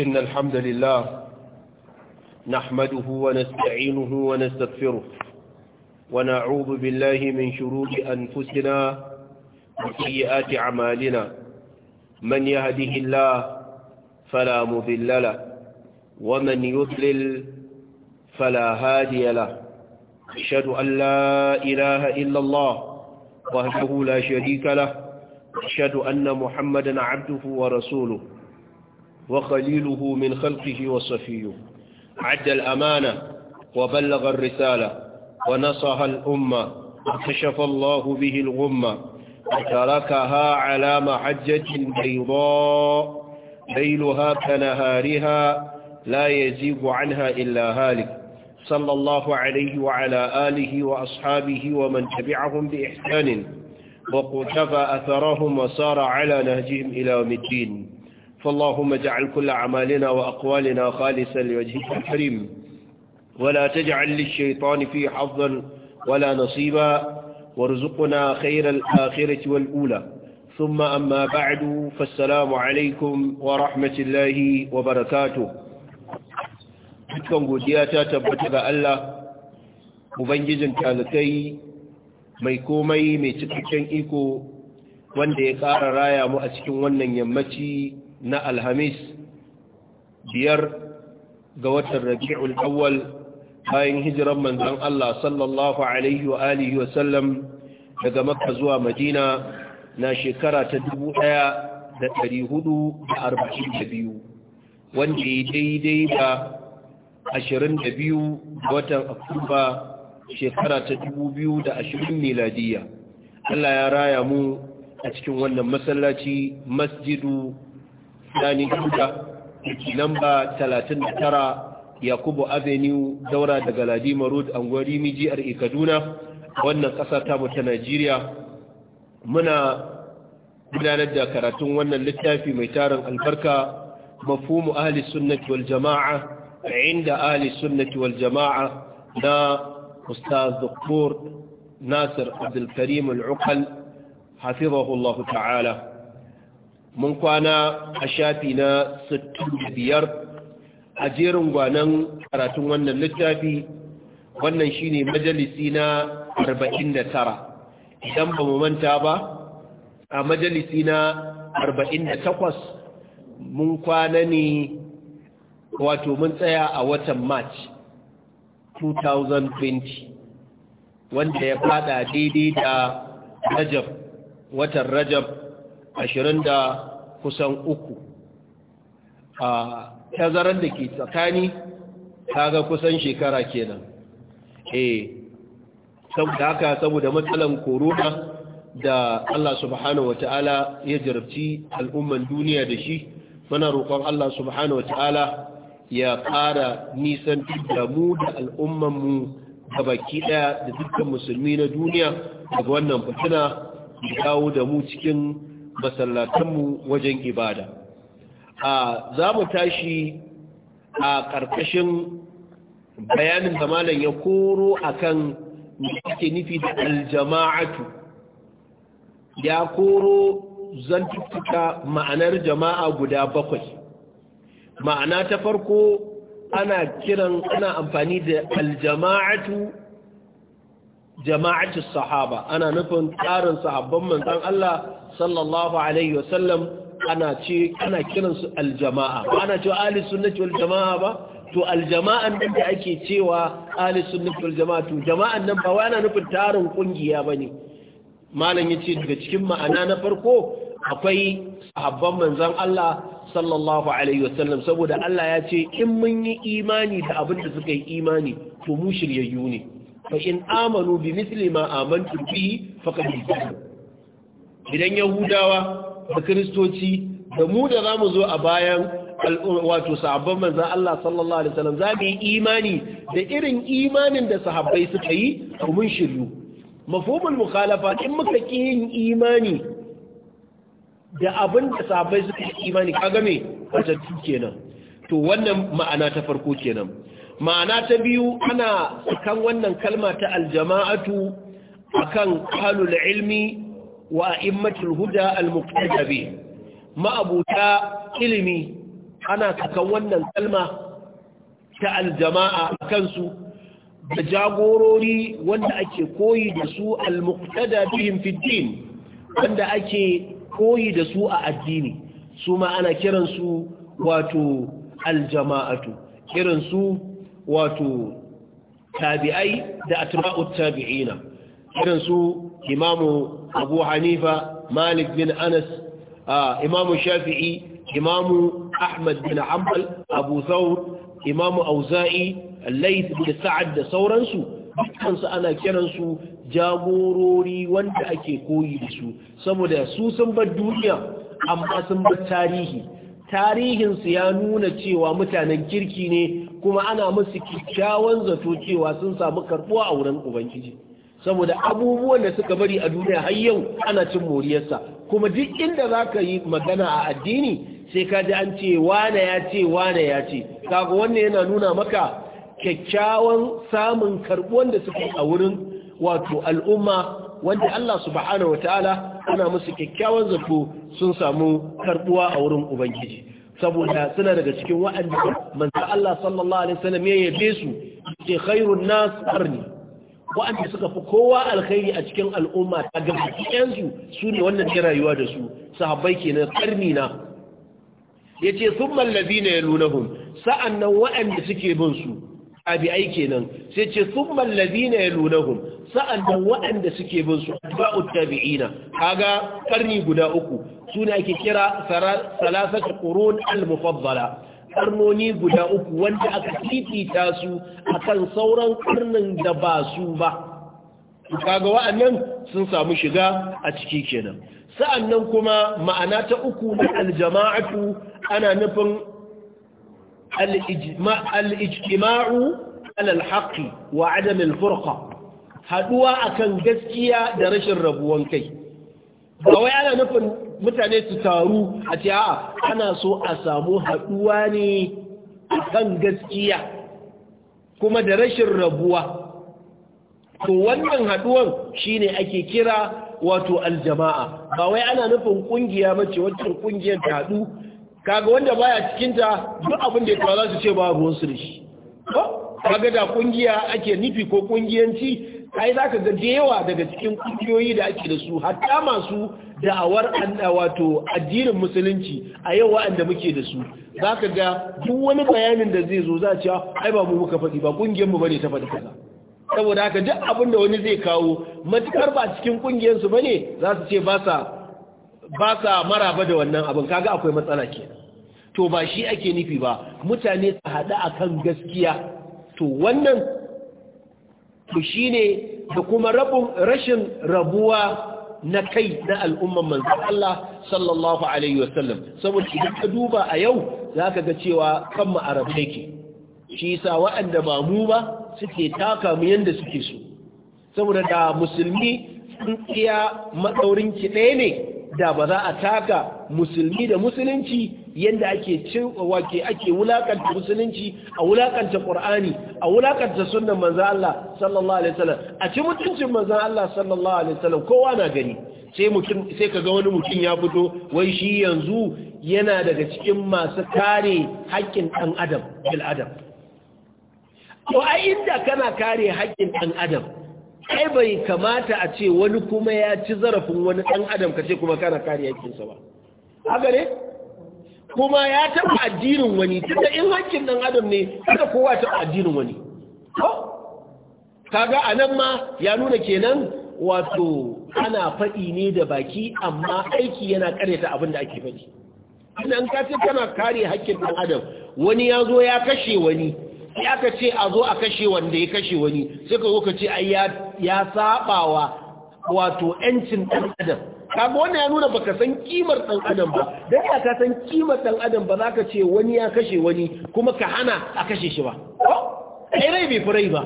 إن الحمد لله نحمده ونستعينه ونستغفره ونعوذ بالله من شرور أنفسنا وسيئات أعمالنا من يهده الله فلا مذل له ومن يذلل فلا هادي له أشهد أن لا إله إلا الله وحده لا شريك له أشهد أن محمدا عبده ورسوله وخليله من خلقه وصفيه عد الأمانة وبلغ الرسالة ونصها الأمة وكشف الله به الغمة وتركها على محجة بيضاء ليلها كنهارها لا يزيغ عنها إلا هالك صلى الله عليه وعلى آله وأصحابه ومن تبعهم بإحسان وقتفى أثرهم وسار على نهجهم إلى يوم الدين فاللهم اجعل كل أعمالنا وأقوالنا خالصا لوجهك الكريم ولا تجعل للشيطان فيه حظا ولا نصيبا وارزقنا خير الآخرة والأولى ثم أما بعد فالسلام عليكم ورحمة الله وبركاته dukkan godiya ta tabbata ga Allah ubangijin talakai mai komai mai cikakken iko wanda ya ƙara raya mu a cikin wannan yammaci na alhamis biyar ga watan rabi'ul awwal bayan hijiran manzon Allah sallallahu alaihi wa alihi wa sallam daga makka zuwa madina na shekara ta biyu, wanda ya daidai da ashirin da biyu watan afuba shekara ta ashirin miladiya Allah ya raya mu a cikin wannan masallaci masjidu Sani Duda, namba 39 Yakubu Avenue, daura daga Ladima Road, Anguwar Rimi, jihar Kaduna, wannan ƙasa ta ta Najeriya. Muna gudanar da karatun wannan littafi mai tarin albarka mafhumu ahli sunnati wal jama'a inda ahli sunnati wal jama'a na Ustaz Dr. Nasir Abdul Karim Al-Uqal hafizahullahu ta'ala mun kwana a shafi na 65 a jerin gwanan karatun wannan littafi wannan shine majalisi na 49 idan ba mu manta ba a majalisi na 48 mun kwana ne wato mun tsaya a watan march 2020 wanda ya fada daidai da rajab watan rajab ashirin da kusan uku a tazarar da ke tsakani ga kusan shekara kenan eh saboda haka saboda matsalan korona da Allah subhanahu wata'ala ya jarabci al'umman duniya da shi muna roƙon Allah subhanahu wata'ala ya ƙara nisan da mu da al'umman mu da baki ɗaya da dukkan musulmi na duniya daga wannan fitina ya kawo da mu cikin masallatanmu wajen ibada a za mu tashi a ƙarƙashin bayanin da malam ya koro akan ake nufi da aljama'atu ya koro zantuttuka ma'anar jama'a guda bakwai ma'ana ta farko ana kiran ana amfani da aljama'atu jama'atu sahaba ana nufin tsarin sahabban manzon Allah sallallahu alaihi wasallam ana ce ana kiransu aljama'a ba ana cewa ahli sunnati wal jama'a ba to aljama'an nan da ake cewa ahli sunnati wal jama'a to jama'an nan ba wai ana nufin tarin kungiya bane malam yace daga cikin ma'ana na farko akwai sahabban manzon Allah sallallahu alaihi wasallam saboda Allah ya ce in mun yi imani da abin da suka yi imani to mu shiryayyu ne fa in amanu bi misli ma amantu bi faqad idan yahudawa da kristoci da mu da mu zo a bayan wato sahabban manzan Allah sallallahu alaihi wasallam za mu yi imani da irin imanin da sahabbai suka yi mun shiryu mafhumul mukhalafa in muka ki yin imani da abin da sahabbai suka yi imani kaga me wajen kenan to wannan ma'ana ta farko kenan ma'ana ta biyu ana kan wannan kalma ta aljama'atu akan halul ilmi wa immatul huda al ma'abuta ilimi ana kan wannan kalma ta aljama'a kansu da jagorori wanda ake koyi da su al fi wanda ake koyi da su a addini su ma ana kiransu wato aljama'atu kiransu wato tabi'ai da atba'ut tabi'ina irin su imamu abu hanifa malik bin anas imamu shafi'i imamu ahmad bin hanbal abu thawr imamu auza'i Laif bin sa'ad da sauransu dukkansu ana kiransu jagorori wanda ake koyi da su saboda su sun bar duniya amma sun bar tarihi tarihinsu ya nuna cewa mutanen kirki ne kuma ana musu kyakkyawan zato cewa sun samu karbuwa a wurin ubangiji saboda abubuwan da suka bari a duniya har yau ana cin moriyarsa kuma duk inda za ka yi magana a addini sai ka ji an ce wane ya ce wane ya ce kaga wannan yana nuna maka kyakkyawan samun karbuwan da suka a wurin wato al'umma wanda Allah subhanahu wataala ana musu kyakkyawan zato sun samu karbuwa a wurin ubangiji saboda suna daga cikin wa'anda manzo Allah sallallahu alaihi wasallam ya yabe su ce khairun nas qarni wa'anda suka fi kowa alkhairi a cikin al'umma ta gabaki yansu su ne wannan ke rayuwa da su sahabbai kenan karni na yace thumma allazina yalunhum sa'annan wa'anda suke bin su tabi'ai kenan sai ce thumma allazina yalunhum sa'annan wa'anda suke bin su tabi'ut tabi'ina kaga karni guda uku Suna ne ake kira salasatu ƙurun al-mufaddala karnoni guda uku wanda aka titita su akan sauran ƙarnin da ba su ba kaga wa'annan sun samu shiga a ciki kenan sa'annan kuma ma'ana ta uku na aljama'atu ana nufin al-ijtima'u alal haqqi wa adam al-furqa haduwa akan gaskiya da rashin rabuwan kai ba wai ana nufin mutane su taru a ce a ana so a samu haɗuwa ne a kan gaskiya kuma da rashin rabuwa to wannan haɗuwan shine ake kira wato aljama'a ba wai ana nufin ƙungiya mace wacce ƙungiyar ta haɗu kaga wanda baya cikinta duk abin da ya za su ce ba ruwan su da shi kaga da kungiya ake nufi ko kungiyanci ai za ka ga dewa daga cikin kungiyoyi da ake da su hatta masu da'awar wato addinin musulunci a yau wa'anda muke da su za ka ga duk wani bayanin da zai zo za a cewa ai ba mu muka faɗi ba kungiyarmu ba ne ta faɗi kaza saboda haka duk abin da wani zai kawo matukar ba cikin kungiyarsu ba ne za su ce ba sa maraba da wannan abin kaga akwai matsala ke to ba shi ake nufi ba mutane su haɗu akan gaskiya to wannan to shine da kuma rashin rabuwa na kai na al'umman manzan Allah sallallahu Alaihi wasallam saboda idan ka duba a yau za ka ga cewa kan ma'arab yake shi sa waɗanda ba mu ba suke taka mu yadda suke so saboda da musulmi sun tsaya maɗaurin ki ɗaya ne da ba za a taka musulmi da musulunci yadda ake wake ake wulakanta musulunci a wulakanta qur'ani a wulakanta sunnan manzon Allah sallallahu alaihi wasallam a ci mutuncin manzon Allah sallallahu alaihi wasallam kowa na gani sai mutum sai kaga wani mutum ya fito wai shi yanzu yana daga cikin masu kare haƙƙin ɗan adam bil adam to a inda kana kare haƙƙin ɗan adam ai bai kamata a ce wani kuma ya ci zarafin wani ɗan adam ka ce kuma kana kare haƙƙinsa ba haka ne kuma ya taɓa addinin wani tunda in hakkin ɗan adam ne kada kowa taɓa addinin wani kaga a nan ma ya nuna kenan wato ana faɗi ne da baki amma aiki yana ta abin da ake faɗi idan ka ce kana kare hakkin ɗan adam wani ya zo ya kashe wani sai aka ce a zo a kashe wanda ya kashe wani sai ka zo ka ce ai ya saɓawa wato 'yancin ɗan adam kaga wannan ya nuna baka san kimar dan adam ba dan ya ka san kimar dan adam ba zaka ce wani ya kashe wani kuma ka hana a kashe shi ba ai rai bai furai ba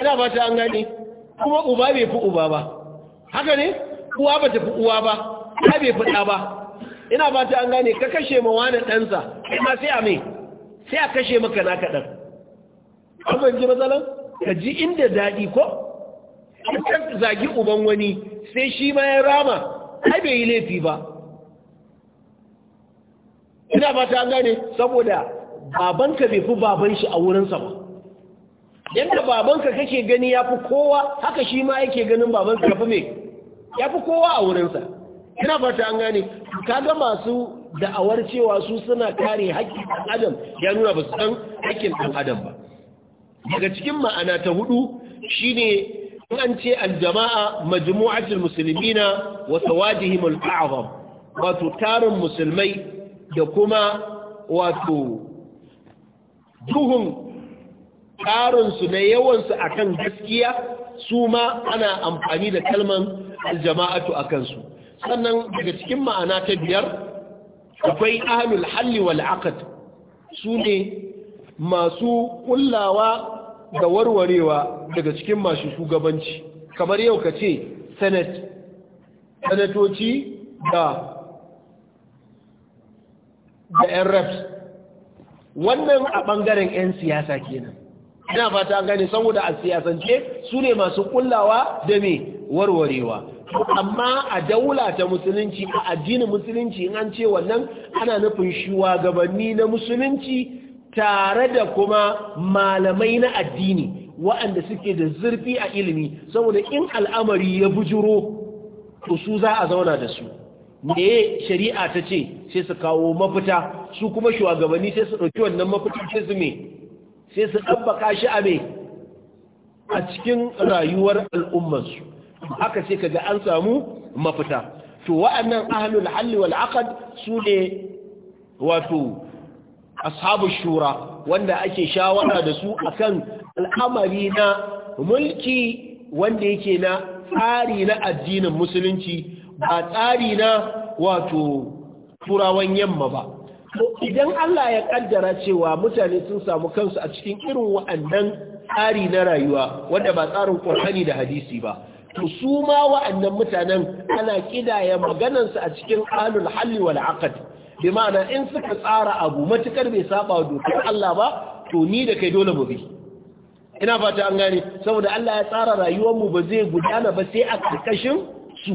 ina ba ta an gane kuma uba bai fi uba ba haka ne uwa ba ta fi uwa ba ta bai fi ɗa ba ina ba ta an gane ka kashe ma wani ɗansa kai ma sai a mai sai a kashe maka na kaɗan ban ji matsalan ka ji inda daɗi ko an zagi uban wani sai shi ma ya rama ai bai yi laifi ba ina ba ta gane saboda babanka bai fi baban shi a wurinsa ba yadda babanka kake gani ya fi kowa haka shi ma yake ganin babanka ya fi mai ya fi kowa a wurinsa ina ba ta gane ga masu da'awar cewa su suna kare haƙƙin ɗan adam ya nuna ba su ɗan haƙƙin ɗan adam ba daga cikin ma'ana ta hudu shine in an ce aljama'a majmu'atul muslimina wa sawajihim al'azam wato tarin musulmai da kuma wato duhun ƙarinsu na yawansu akan gaskiya su ma ana amfani da kalman aljama'atu a kansu sannan daga cikin ma'ana ta biyar akwai ahlul halli wal aqd su ne masu kullawa da warwarewa daga cikin masu shugabanci kamar yau ka ce senate sanatoci da da 'yan reps wannan a ɓangaren 'yan siyasa kenan ina fata gani saboda a siyasance su ne masu kullawa da mai warwarewa amma a daula ta musulunci a addinin musulunci in an ce wannan ana nufin gabanni na musulunci tare da kuma malamai na addini waɗanda suke da zurfi a ilimi saboda in al'amari ya bujuro to su za a zauna da su me shari'a ta ce sai su kawo mafita su kuma shugabanni sai su ɗauki wannan mafita sai su me sai su ɗabbaka shi a me a cikin rayuwar al'ummarsu haka sai kaga an samu mafita to wa'annan ahlul halli wal aqd su ne wato ashabu shura wanda ake shawara da su akan al'amari na mulki wanda yake na tsari na addinin musulunci ba tsari na wato turawan yamma ba idan Allah ya kaddara cewa mutane sun samu kansu a cikin irin wa'annan tsari na rayuwa wanda ba tsarin Qur'ani da hadisi ba to su ma wa'annan mutanen ana ƙidaya maganansu a cikin alul halli wal aqd bi ma'ana in suka tsara abu matukar bai saba wa dokar Allah ba to ni da kai dole mu bi ina fata an gane saboda Allah ya tsara rayuwar mu ba zai gudana ba sai a karkashin su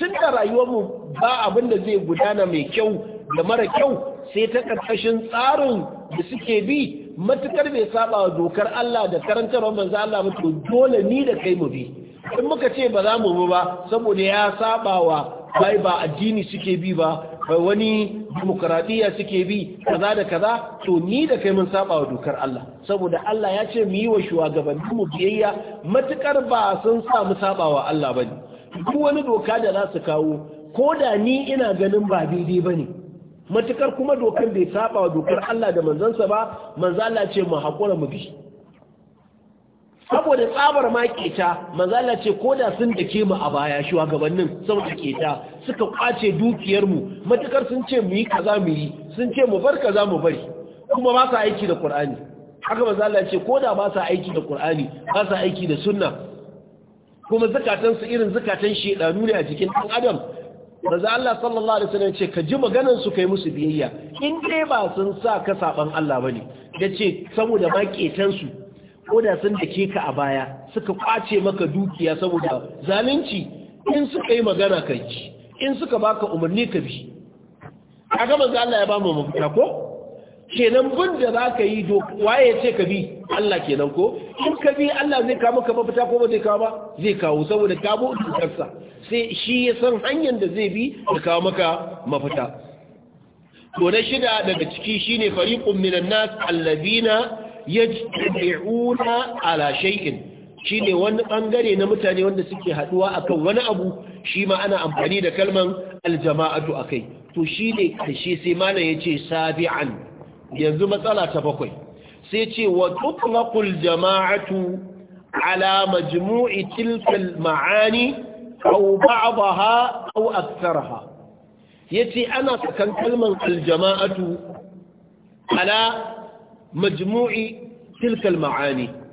tun da rayuwar mu ba abin da zai gudana mai kyau da mara kyau sai ta karkashin tsarin da suke bi matukar bai saba wa dokar Allah da karantarwar manzo Allah ba to dole ni da kai mu bi in muka ce ba za mu bi ba saboda ya saba wa bai ba addini suke bi ba wani demokradiyya suke bi kaza da kaza to ni da kai mun saba wa dokar Allah saboda Allah ya ce mu yi wa shugabanni mu biyayya matukar ba sun sa mu saba wa Allah bane duk wani doka da za su kawo ko da ni ina ganin ba daidai bane matukar kuma dokar bai saba wa dokar Allah da manzansa ba manzo Allah ce mu hakura mu bi saboda tsabar ma keta manzo Allah ce ko da sun dake mu a baya shugabannin saboda keta suka kwace dukiyarmu matukar sun ce mu yi kaza mu yi sun ce mu bar kaza mu bari kuma ba sa aiki da Qur'ani haka manzo Allah ce ko da ba sa aiki da Qur'ani ba sa aiki da sunna kuma zakatan su irin zakatan shedanu ne a cikin dan adam manzo Allah sallallahu alaihi wasallam ce ka ji maganar su kai musu biyayya in dai ba sun sa ka saban Allah bane yace saboda maƙetansu su ko sun dake ka a baya suka kwace maka dukiya saboda zalunci in suka yi magana ka ji in suka baka umarni ka bi kaga manzo Allah ya ba mu mafita ko kenan bin da zaka yi do waye ce ka bi Allah kenan ko in ka bi Allah zai kawo maka mafita ko ba zai kawo ba zai kawo saboda ka bu dukarsa sai shi ya san hanyar da zai bi ya kawo maka mafita to na shida daga ciki shine fariqun minan nas alladina yajtabi'una ala shay'in shi ne wani ɓangare na mutane wanda suke haɗuwa akan wani abu shi ma ana amfani da kalman aljama'atu a kai to shi ne ƙarshe sai mana ya ce sabi'an yanzu matsala ta bakwai sai ce wa tutlaqul jama'atu ala majmu'i tilkal ma'ani aw ba'daha aw aktsaraha yace ana sakan kalman aljama'atu ala majmu'i tilkal ma'ani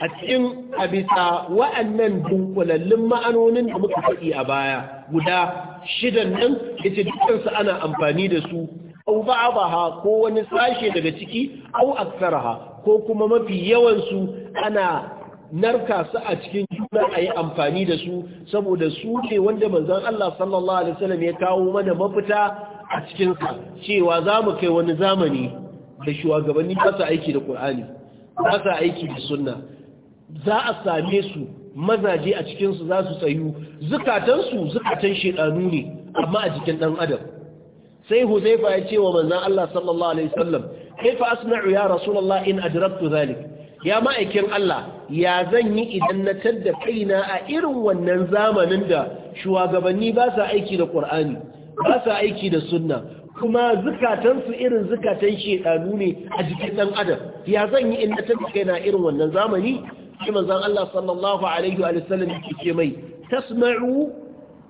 a cikin a bisa wa'annan dunkulallun ma'anonin da muka faɗi a baya guda shidan nan ya ce dukansu ana amfani da su au ba'abaha ko wani sashe daga ciki au aksaraha ko kuma mafi yawansu ana narka su a cikin juna a yi amfani da su saboda su ne wanda manzan Allah sallallahu Alaihi wasallam ya kawo mana mafita a cikinsa cewa za mu kai wani zamani da shugabanni ba sa aiki da ƙur'ani ba sa aiki da sunna za a same su mazaje a cikinsu za su tsayu zukatansu zukatan shedanu ne amma a jikin ɗan adam sai huzaifa ya ce wa manzan Allah sallallahu alaihi wasallam asna'u ya rasulullah in adraktu zalik ya ma'aikin Allah ya zan yi idan na tadda kaina a irin wannan zamanin da shugabanni ba sa aiki da ƙur'ani, ba sa aiki da sunna kuma zukatansu irin zukatan shedanu ne a jikin ɗan adam ya zan yi in na tadda kaina irin wannan zamani shi manzon Allah sallallahu alaihi wa sallam ce mai tasma'u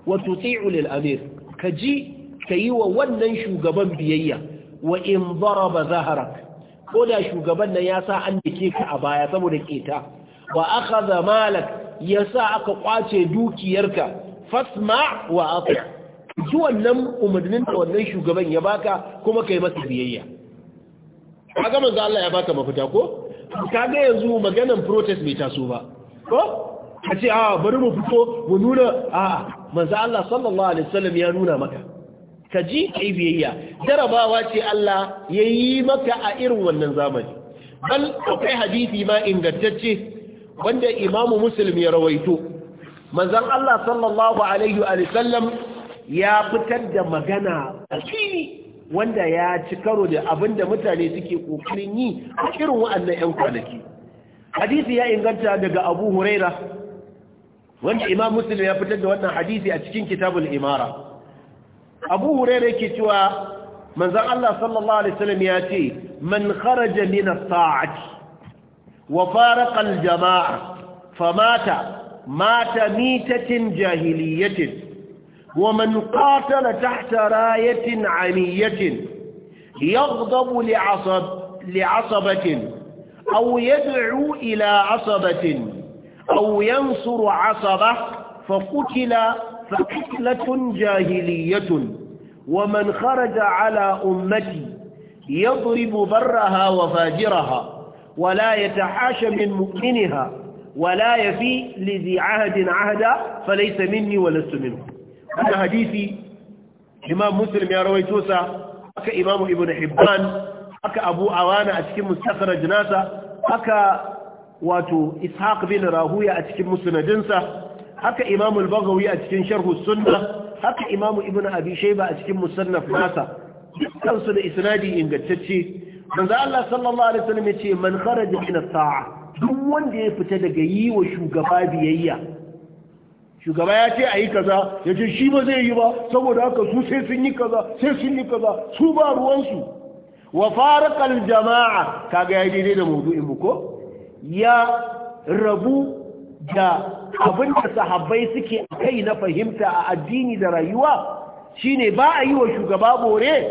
wa tuti'u lil amir ka ji kayi wa wannan shugaban biyayya wa in daraba zaharak ko da shugaban nan ya sa an dake ka a baya saboda keta wa akhadha malak ya sa aka kwace dukiyarka fasma wa aka, ji wannan umarnin da wannan shugaban ya baka kuma kai masa biyayya kaga manzo Allah ya baka mafita ko kaga yanzu maganan protest bai taso ba ko a ce a ah, bari mu fito mu nuna a ah, manzo Allah sallallahu alaihi wasallam ya nuna maka ka ji kai biyayya jarabawa ce Allah yayi maka a irin wannan zamani bal akwai hadisi ma ingantacce wanda imamu muslim ya rawaito manzon Allah sallallahu alaihi wa sallam ya fitar da magana a fili wanda ya ci karo da abin da mutane suke ƙoƙarin yi a irin wa'annan 'yan kwanaki hadisi ya inganta daga abu huraira wanda imam muslim ya fitar da wannan hadisi a cikin kitabul imara abu huraira yake cewa manzan Allah sallallahu alaihi wasallam ya ce man kharaja min as wa faraqa al-jama'a famata mata mitatin jahiliyatin ومن قاتل تحت راية عمية يغضب لعصب لعصبة أو يدعو إلى عصبة أو ينصر عصبة فقتل فقتلة جاهلية ومن خرج على أمتي يضرب برها وفاجرها ولا يتحاش من مؤمنها ولا يفي لذي عهد عهدا فليس مني ولست منه haka hadisi imam muslim ya rawaito sa haka imamu ibn hibban haka abu awana a cikin mustakhraj nasa haka wato ishaq bin rahuya a cikin musnadinsa haka imam al a cikin sharh sunna haka imam ibn abi shayba a cikin musannaf nasa dukkansu da isnadi ingantacce manzo Allah sallallahu alaihi wasallam yace man kharaja min saa duk wanda ya fita daga yi wa shugaba biyayya shugaba ya ce a yi kaza ya ce shi ba zai yi ba saboda haka su sai sun yi kaza sai sun yi kaza su ba ruwansu wa farakal jama'a kaga ya daidai da maudu'in mu ko ya rabu da abin da sahabbai suke kai na fahimta a addini da rayuwa shine ba a yi wa shugaba bore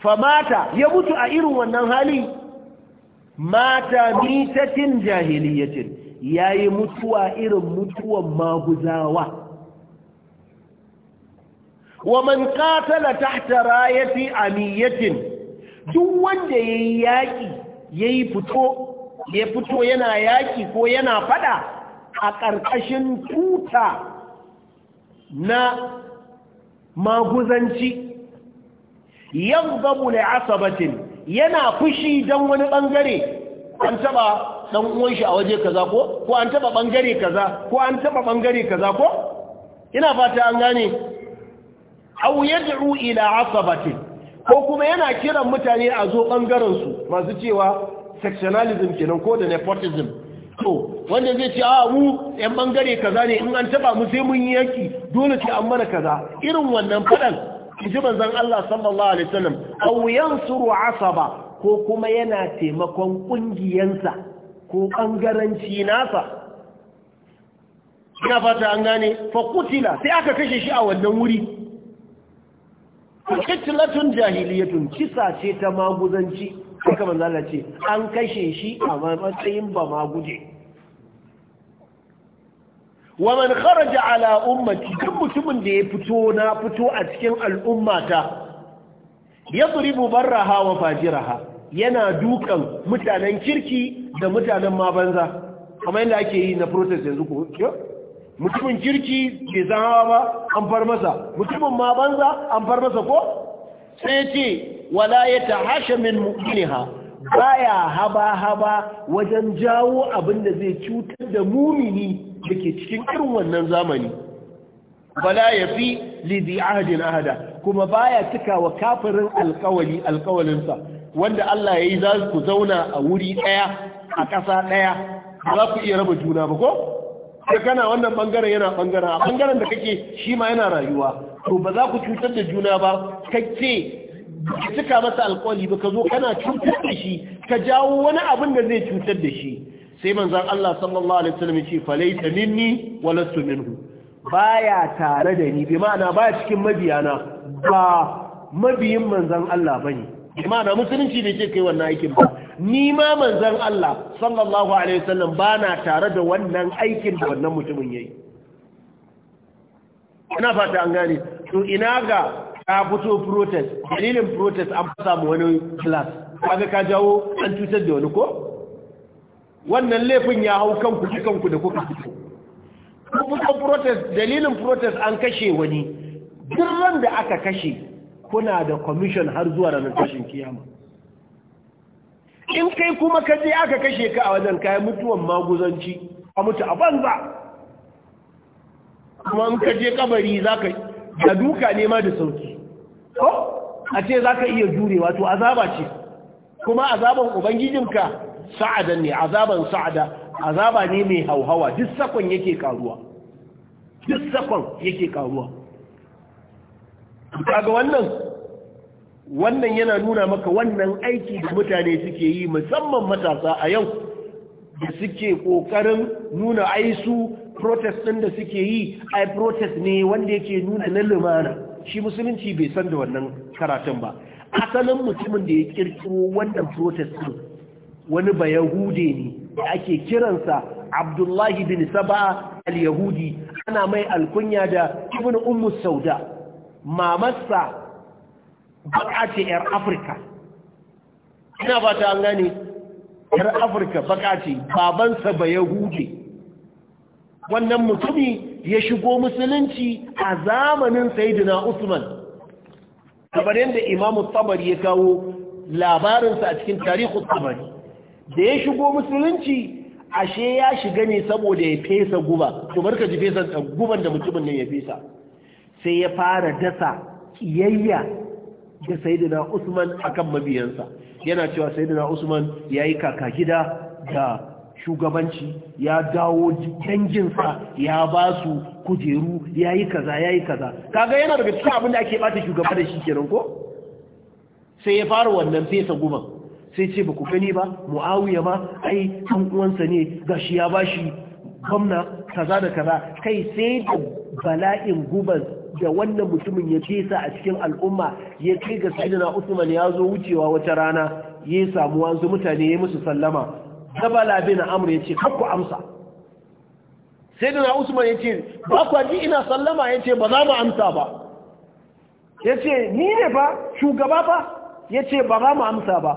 famata ya mutu a irin wannan hali mata mitatin jahiliyatin ya yi mutuwa irin mutuwan maguzawa wa man qatala tahta rayati amiyatin duk wanda yayi yaki yayi fito ya fito yana yaki ko yana fada a ƙarƙashin tuta na maguzanci yaghabu li asabatin yana fushi dan wani bangare an taba dan uwan shi a waje kaza ko ko an taba bangare kaza ko an taba bangare kaza ko ina fata an gane aw yad'u ila asabati ko kuma yana kiran mutane a zo bangaren su masu cewa sectionalism kenan ko da nepotism to wanda zai ce a ah, mu yan bangare kaza ne in an taba mu sai mun yi yanki dole ce an mana kaza irin wannan fadan ji manzon Allah sallallahu alaihi wasallam aw yansuru asaba ko kuma yana taimakon kungiyansa ko ɓangaranci nasa ina fata an gane fakutila sai aka kashe shi a wannan wuri kitilatun jahiliyatun kisa ce ta maguzanci aka manzala ce an kashe shi a matsayin ba maguje wa man kharaja ala ummati duk mutumin da ya fito na fito a cikin al'ummata ya buribu barraha wa fajiraha yana dukan mutanen kirki da mutanen ma banza kamar yadda ake yi na protest yanzu ko mutumin kirki ke zama ba an far masa mutumin ma an far masa ko sai ce wala ya tahasha min mu'miniha baya haba haba wajen jawo abin da zai cutar da mumini da ke cikin irin wannan zamani Bala ya fi lidi ahadin ahada kuma baya cika wa kafirin alkawali alkawalinsa wanda Allah ya yi za ku zauna a wuri ɗaya a ƙasa ɗaya za ku iya raba juna ba ko? sai kana wannan ɓangaren yana ɓangaren a ɓangaren da kake shi ma yana rayuwa to ba za ku cutar da juna ba kake cika masa alƙawari ba ka zo kana cutar da shi ka jawo wani abin da zai cutar da shi sai manzan Allah sallallahu alaihi wasallam ya ce falaita minni wa lastu minhu baya tare da ni bi ma'ana baya cikin mabiyana ba mabiyin manzan Allah bane imana musulunci ne ke kai wannan aikin ba ni ma manzon Allah sallallahu alaihi wasallam na tare da wannan aikin da wannan mutumin yayi ina fata an gane to ina ga ka fito protest dalilin protest an fasa mu wani class kaga ka jawo an cutar da wani ko wannan laifin ya hau kanku kanku da kuka fito kun protest dalilin protest an kashe wani duk da aka kashe kuna da commission har zuwa ranar tashin kiyama in kai kuma ka je aka kashe ka a wajen kayan mutuwan maguzanci a mutu a banza kuma in ka je kabari za ka da duka nema da sauki ko a ce za ka iya jure wato azaba ce kuma azaban ubangijinka sa'adan ne azaban sa'ada azaba ne mai hauhawa duk sakon yake karuwa duk sakon yake karuwa kaga wannan wannan yana nuna maka wannan aiki da mutane suke yi musamman matasa a yau da suke kokarin nuna aisu protest ɗin da suke yi ai protest ne wanda yake nuna na lumana shi musulunci bai san da wannan karatun ba asalin mutumin da ya kirkiro wannan protest ɗin wani Yahude ne da ake kiransa abdullahi bin saba al-yahudi ana mai alkunya da ibn ummu sauda mamarsa baka ce 'yar afirka ina ba ta gani 'yar afirka baka ce babansa ba ya hude wannan mutumi ya shigo musulunci a zamanin Sayyidina usman kamar yadda imamu tsabari ya kawo labarinsa a cikin tarihu tsabari da ya shigo musulunci ashe ya shiga ne saboda ya fesa guba to barka ji fesa guban da mutumin nan ya fesa sai ya fara dasa kiyayya da sayyidina Usman akan mabiyansa yana cewa sayyidina Usman yayi kaka gida da shugabanci ya dawo danginsa ya ba su kujeru ya yi kaza ya yi kaza kaga yana daga cikin abin da ake bata shugaba da shi kenan ko sai ya fara wannan fesa guban sai ce ba ku gani ba mu'awiya ba ai ɗan uwansa ne gashi ya ba gwamna kaza da kaza kai sai da bala'in guban da wannan mutumin ya fesa a cikin al'umma ya kai ga sayyidina Usman ya zo wucewa wata rana ya samu wanzu mutane ya musu sallama Jabala bin Amr ya ce ku amsa sayyidina Usman ya ce ba kwa ji ina sallama ya ce ba za mu amsa ba ya ce ni ne fa shugaba fa ya ce ba za mu amsa ba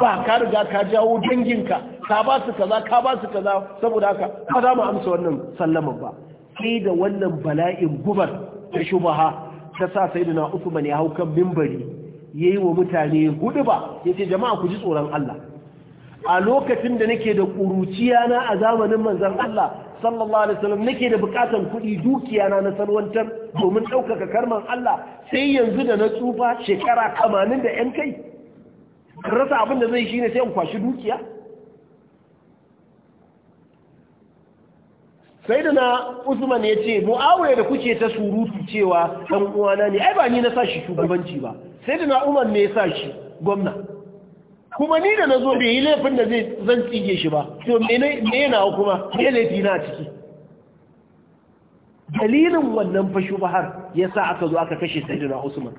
ba ka riga ka jawo danginka ka ba su kaza ka ba su kaza saboda haka ba za mu amsa wannan sallaman ba sai da wannan bala'in gubar ta shubaha ta sa sayyidina usman ya hau kan minbari yayi wa mutane hudu ya yace jama'a ku ji tsoron Allah a lokacin da nake da ƙuruciya na a zamanin manzon Allah sallallahu alaihi wasallam nake da bukatan kuɗi dukiya na na salwantar domin ɗaukaka karman Allah sai yanzu da na tsufa shekara 80 da 'yan kai rasa abin da zai shine sai in kwashi dukiya sai da na usman ya ce mu'awiyar da kuke ta surutu cewa ɗan uwana ne ai ba ni na sa shi shugabanci ba sai da na umar ne ya sa shi gwamna kuma ni da na zo bai yi laifin da zan tsige shi ba to me yana kuma me laifi na ciki dalilin wannan fashu bahar ya sa aka zo aka kashe sai da na usman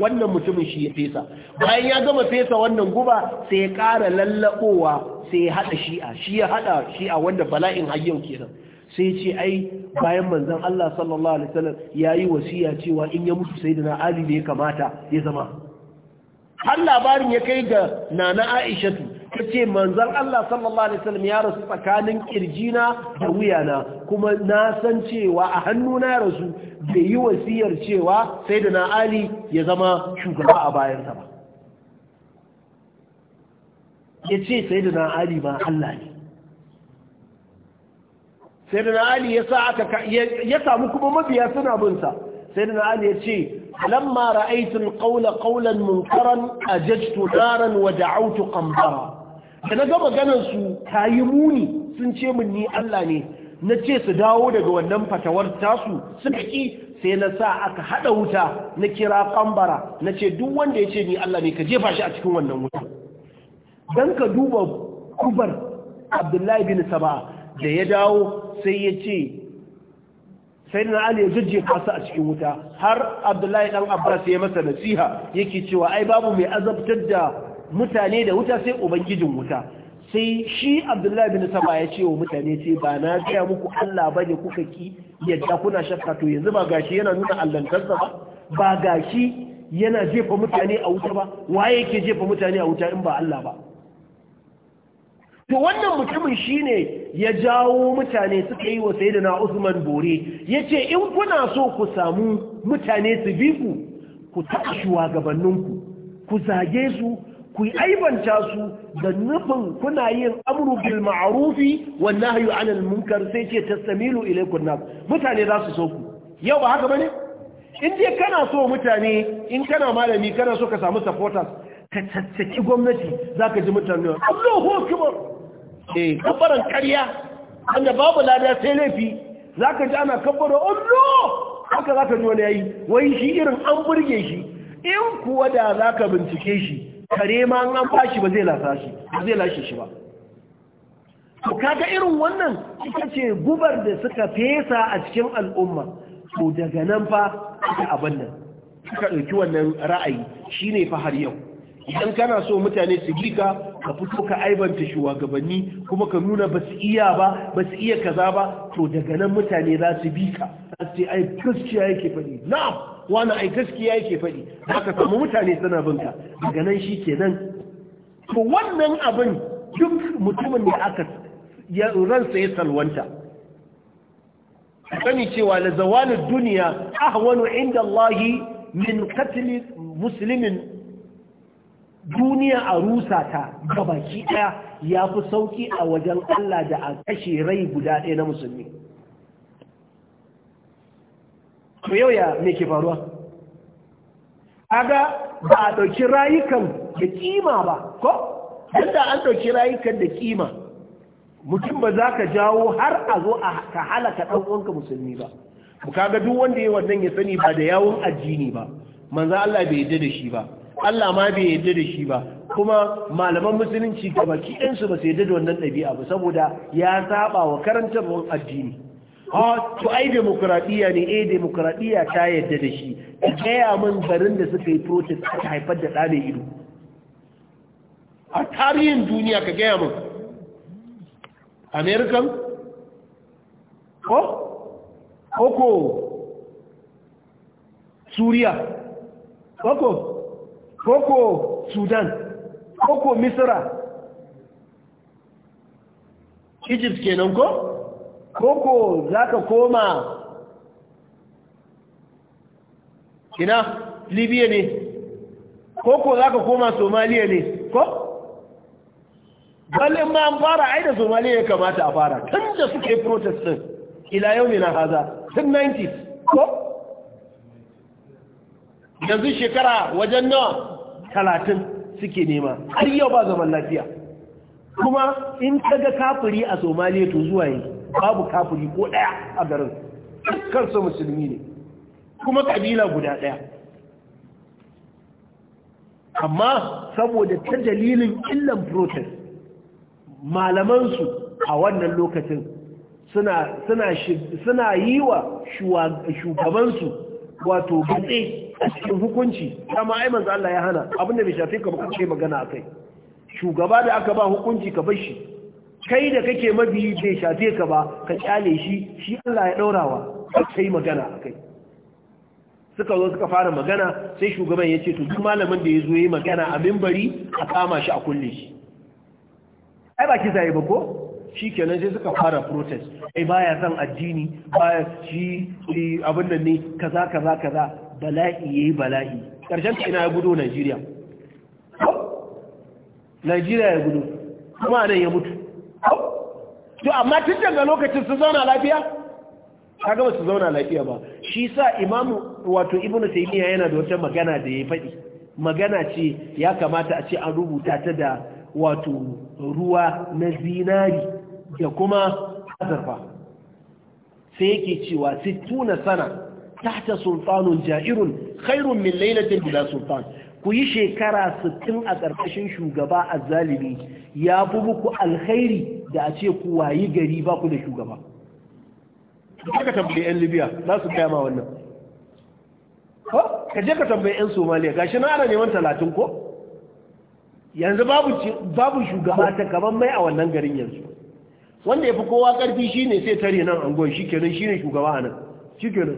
wannan mutumin shi ya fesa bayan ya gama fesa wannan guba sai ya kara lallaɓowa sai ya haɗa shi'a shi ya haɗa shi'a wanda bala'in hayyau kenan sai ce ai bayan manzan Allah sallallahu alaihi wasallam yayi wasiya cewa in ya mutu sayyidina Ali ne ya kamata ya zama har labarin ya kai ga nana Aisha ta ce manzan Allah sallallahu alaihi wasallam ya rasu tsakanin kirjina da wuyana kuma na san cewa a hannu ya rasu bai yi wasiyar cewa sayyidina Ali ya zama shugaba a bayansa ba ya ce sayyidina Ali ma Allah ne sai da ali ya sa aka ya samu kuma mabiya suna binsa sai da ali ya ce lamma ra'aytul qawla qawlan munkaran ajajtu naran wa da'awtu qambara da na ga maganar su tayi muni sun ce min ni Allah ne na ce su dawo daga wannan fatawar tasu suka ki sai na sa aka hada wuta na kira qambara na ce duk wanda ya ce ni Allah ne ka jefa shi a cikin wannan wuta dan ka duba kubar Abdullahi bin Saba'a da ya dawo sai ya ce sai na ali ya jajjefa kasa a cikin wuta har abdullahi ɗan abbas ya masa nasiha yake cewa ai babu mai azabtar da mutane da wuta sai ubangijin wuta sai shi abdullahi bin saba ya ce wa mutane ce ba na gaya muku allah ba ne kuka ki yadda kuna shakka to yanzu ba gashi yana nuna allantarsa ba ba gashi yana jefa mutane a wuta ba waye ke jefa mutane a wuta in ba allah ba to wannan mutumin shine ya jawo mutane suka yi wa sayyidina Usman bore yace in kuna so ku samu mutane su bi ku ku tashuwa shugabanninku ku zage su ku aibanta su da nufin kuna yin amru bil ma'ruf wa nahyu 'anil munkar sai ce tasmilu ilaykum nas mutane za su so ku yau ba haka bane in dai kana so mutane in kana malami kana so ka samu supporters ka tattaki gwamnati zaka ji mutane Allahu akbar eh kafaran karya wanda babu lada sai laifi za ka ji ana kabbaro Allah haka zaka ji wani yayi wai shi irin an burge shi in kuwa da za ka bincike shi kare ma an fashi ba zai lasa shi ba zai lashe shi ba to kaga irin wannan ita ce gubar da suka fesa a cikin al'umma to daga nan fa aka abin nan suka ɗauki wannan ra'ayi shine fa har yau idan kana so mutane su bika, ka fito ka aibanta shugabanni kuma ka nuna ba su iya ba ba su iya kaza ba to daga nan mutane za su bi ka sai ai gaskiya yake faɗi Na wani ai gaskiya yake faɗi za ka samu mutane suna bin ka daga nan shi kenan to wannan abin duk mutumin da aka ya ransa ya salwanta sani cewa la zawalud duniya ahwanu inda Allah min qatl muslimin duniya a rusa ta ga baki ɗaya ya fi sauki a wajen Allah da a kashe rai guda ɗaya na musulmi. To yau ya me ke faruwa? Aga ba a ɗauki rayukan da kima ba, ko? Yadda an ɗauki rayukan da kima, mutum ba za ka jawo har a zo a ka halaka ɗan musulmi ba. Kaga duk wanda ya wannan ya sani ba da yawon addini ba, manzan Allah bai yadda da shi ba. Allah ma bai yarda da shi ba kuma malaman musulunci ɗin su ba su yarda da wannan ɗabi'a ba saboda ya saba wa karantarwar addini to ai demokuraɗiyya ne eh demokuraɗiyya ta yarda da shi ka gaya min garin da suka yi protest aka haifar da ɗa mai ido a tarihin duniya ka gaya min american ko koko suriya koko koko sudan koko misira egypt kenan ko koko za ka koma ina libya ne koko za ka koma somaliya ne ko balin ma an fara ai da somaliya ya kamata a fara tun da suke protestin ila yau ne na haza tun 90 ko yanzu shekara wajen nawa talatin suke nema har yau ba zaman lafiya kuma in ka ga kafiri a somaliya to zuwa yi babu kafuri ko ɗaya a garin kansa musulmi ne kuma kabila guda ɗaya amma saboda ta dalilin illan protest malamansu a wannan lokacin suna yi wa shugabansu wato gutse a cikin hukunci dama ai manzo Allah ya hana abinda bai shafe ka ba kace magana akai shugaba da aka ba hukunci ka bar shi kai da kake mafi bai shafe ka ba ka kyale shi shi Allah ya daurawa kai magana akai suka zo suka fara magana sai shugaban ya ce to duk malamin da ya zo yi magana a mimbari a kama shi a kulle shi ai ba kisa yi ba ko shikenan sai suka fara protest ai baya son addini baya shi abin da ne kaza kaza kaza bala'i yayi bala'i karshen ta ina ya gudu Najeriya Najeriya ya gudu kuma nan ya mutu to amma tun daga lokacin su zauna lafiya kaga ba su zauna lafiya ba shi sa imamu wato ibnu taymiya yana da wata magana da ya faɗi magana ce ya kamata a ce an rubuta ta da wato ruwa na zinari da kuma azarfa sai yake cewa sittuna sana tahta sultanun ja'irun khairun min lailatin bila sultan ku yi shekara 60 a ƙarƙashin shugaba azzalimi ya fi muku alkhairi da a ce ku wayi gari ba ku da shugaba ka tambayi 'yan libya za su kama wannan ka je ka tambayi 'yan somaliya gashi na ana neman talatin ko yanzu babu shugaba ta kaman mai a wannan garin yanzu wanda ya fi kowa ƙarfi shi ne sai tare nan angon shi kenan shi ne shugaba a nan shi kenan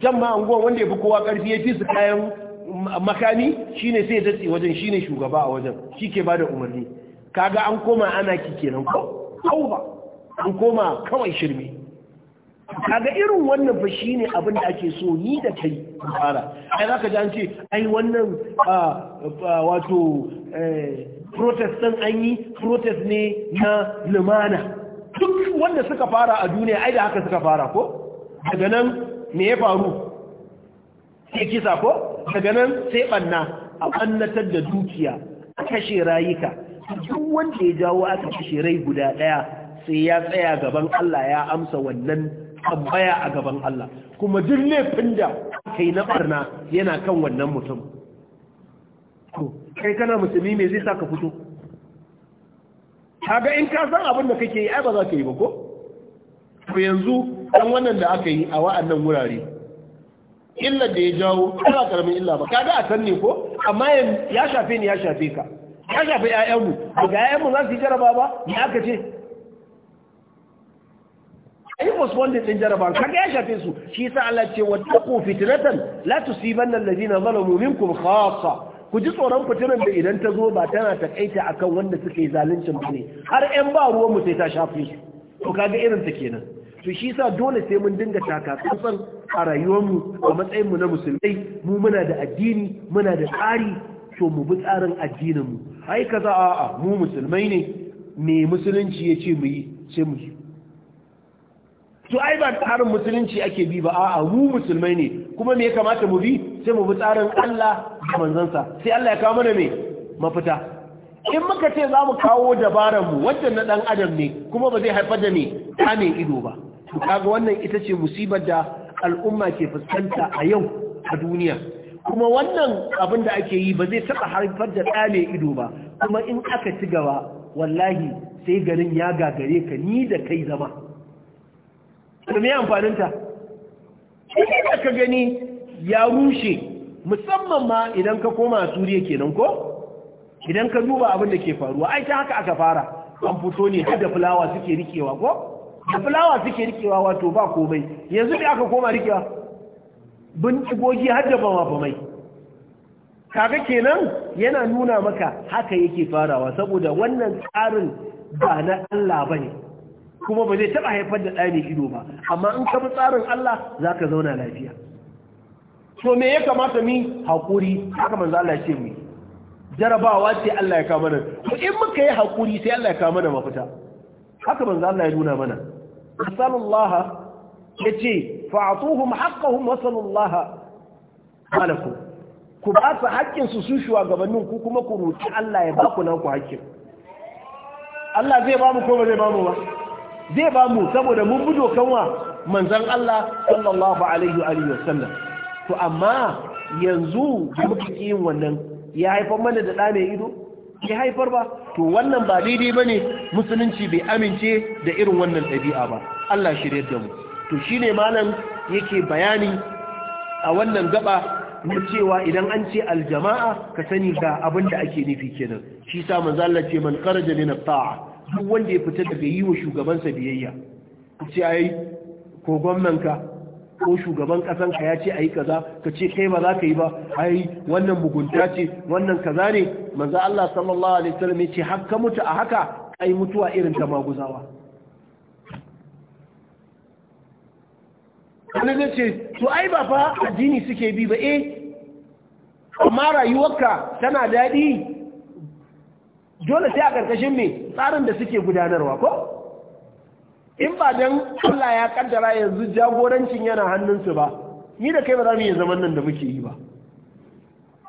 can ma angon wanda ya fi kowa ƙarfi ya fi su kayan makami shi ne sai datse wajen shi ne shugaba a wajen shi ke ba da umarni kaga an koma ana ki kenan kawo ba an koma kawai shirme kaga irin wannan fa ne abin da ake so ni da kai fara ai zaka ji an ce ai wannan wato eh, protest din an yi protest ne na lumana wanda suka fara a duniya ai da haka suka fara ko daga nan me ya faru sai kisa ko daga nan sai banna a annatar da dukiya a kashe rayuka duk wanda ya jawo aka kashe rai guda daya sai ya tsaya gaban Allah ya amsa wannan tambaya a gaban Allah kuma duk laifin da kai na barna yana kan wannan mutum ko kai kana musulmi me zai sa ka fito kaga in ka san abin da kake yi ai ba za ka yi ba ko to yanzu dan wannan da aka yi a wa'annan wurare illa da ya jawo kana karamin illa ba kaga a san ne ko amma ya shafe ni ya shafe ka Ka shafe ƴaƴanmu daga ƴaƴanmu za su yi jaraba ba me aka ce ai postponement din jaraba kaga ya shafe su shi sa Allah ce wattaqu fitnatan la tusibanna alladhina zalamu minkum khassa ku ji tsoron fitinan da idan ta zo ba tana takaita akan wanda suke yi zaluncin ba ne har 'yan ba ruwan mu sai ta shafe su to kaga irin ta kenan to shi sa dole sai mun dinga taka tsantsan a rayuwar mu a matsayin mu na musulmai mu muna da addini muna da tsari to mu bi tsarin addinin mu ai kaza a'a mu musulmai ne me musulunci ya ce mu yi sai mu yi to ai ba tsarin musulunci ake bi ba a'a mu musulmai ne kuma me ya kamata mu bi sai mu bi tsarin Allah da manzansa sai Allah ya kawo mana me mafita in muka ce za mu kawo dabaran mu wannan na dan adam ne kuma ba zai haifar da me kame ido ba to kaga wannan ita ce musibar da al'umma ke fuskanta a yau a duniya kuma wannan abin da ake yi ba zai taba haifar da ɗa ido ba kuma in aka ci gaba wallahi sai garin ya gagare ka ni da kai zama to me amfaninta ta ina ka gani ya rushe musamman ma idan ka koma suriya kenan ko idan ka duba abin da ke faruwa ai ta haka aka fara an fito ne har da fulawa suke rikewa ko da fulawa suke rikewa wato ba komai yanzu da aka koma rikewa bin igogi har da bama mai kaga kenan yana nuna maka haka yake farawa saboda wannan tsarin ba na Allah bane kuma ba zai taba haifar da ɗani ido ba amma in ka bi tsarin Allah za ka zauna lafiya to me ya kamata mi haƙuri haka manzo Allah ya ce mu jarabawa ce Allah ya kama mana to in muka yi haƙuri sai Allah ya kama da mafita haka manzo Allah ya nuna mana sallallahu yace fa'atuhum haqqahum wa sallallahu malakum ku ba su haƙƙin su su shugabannin ku kuma ku roki Allah ya ba ku nan ku haƙƙin Allah zai ba mu ko ba zai ba mu ba zai ba mu saboda mun bi dokan wa manzon Allah sallallahu alaihi wa alihi to amma yanzu da muka yin wannan ya haifar mana da ɗa mai ido ya haifar ba to wannan ba daidai ba ne musulunci bai amince da irin wannan ɗabi'a ba Allah shirya da mu to shi ne malam yake bayani a wannan gaba na cewa idan an ce aljama'a ka sani ga abin da ake nufi kenan shi sa manzo Allah ce man kharaja min ta'a duk wanda ya fita daga yi wa shugabansa biyayya Ku ce ai ko gwamnanka ko shugaban kasan ka ya ce a yi kaza ka ce kai ba za ka yi ba ai wannan mugunta ce wannan kaza ne manzo Allah sallallahu alaihi wasallam ya ce ka mutu a haka ai mutuwa irin ta maguzawa wani zai ce to ai ba fa addini suke bi ba eh amma rayuwarka tana daɗi dole sai a ƙarƙashin me tsarin da suke gudanarwa ko in ba dan Allah ya kaddara yanzu jagorancin yana hannunsu ba ni da kai ba za mu yi zaman nan da muke yi ba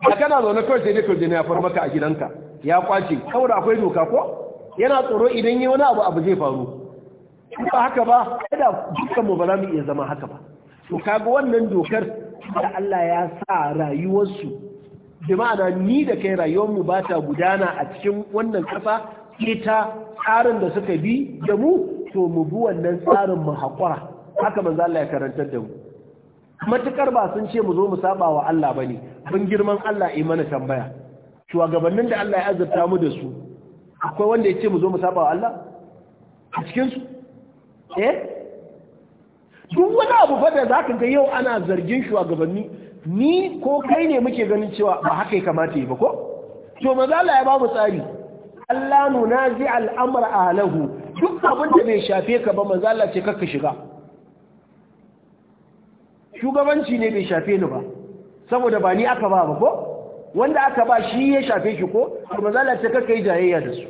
ba kana zaune kawai sai dai kawai ya far maka a gidanka ya kwace saboda akwai doka ko yana tsoro idan yi wani abu abu zai faru ba haka ba kada dukkanmu ba za mu iya zama haka ba to kaga wannan dokar da Allah ya sa rayuwarsu bi ni da kai rayuwar mu ba ta gudana a cikin wannan ƙasa ita, tsarin da suka bi da mu to mu bi wannan tsarin mu haƙura haka manzo Allah ya karantar da mu matukar ba sun ce mu zo mu saba wa Allah bane bin girman Allah yi mana tambaya shugabannin da Allah ya azurta mu da su akwai wanda ya ce mu zo mu saba wa Allah a cikin su eh duk wani abu fa da zaka ga yau ana zargin shugabanni ni ko kai ne muke ganin cewa ba haka ya kamata yi ba ko to manzo Allah ya ba mu tsari Allah nunazi al-amra ahlahu duk abin da bai shafe ka ba manzo Allah ce kakka shiga shugabanci ne bai shafe ni ba saboda ba ni aka ba ba ko wanda aka ba shi ya shafe shi ko to manzo Allah ce kakka yi jayayya da su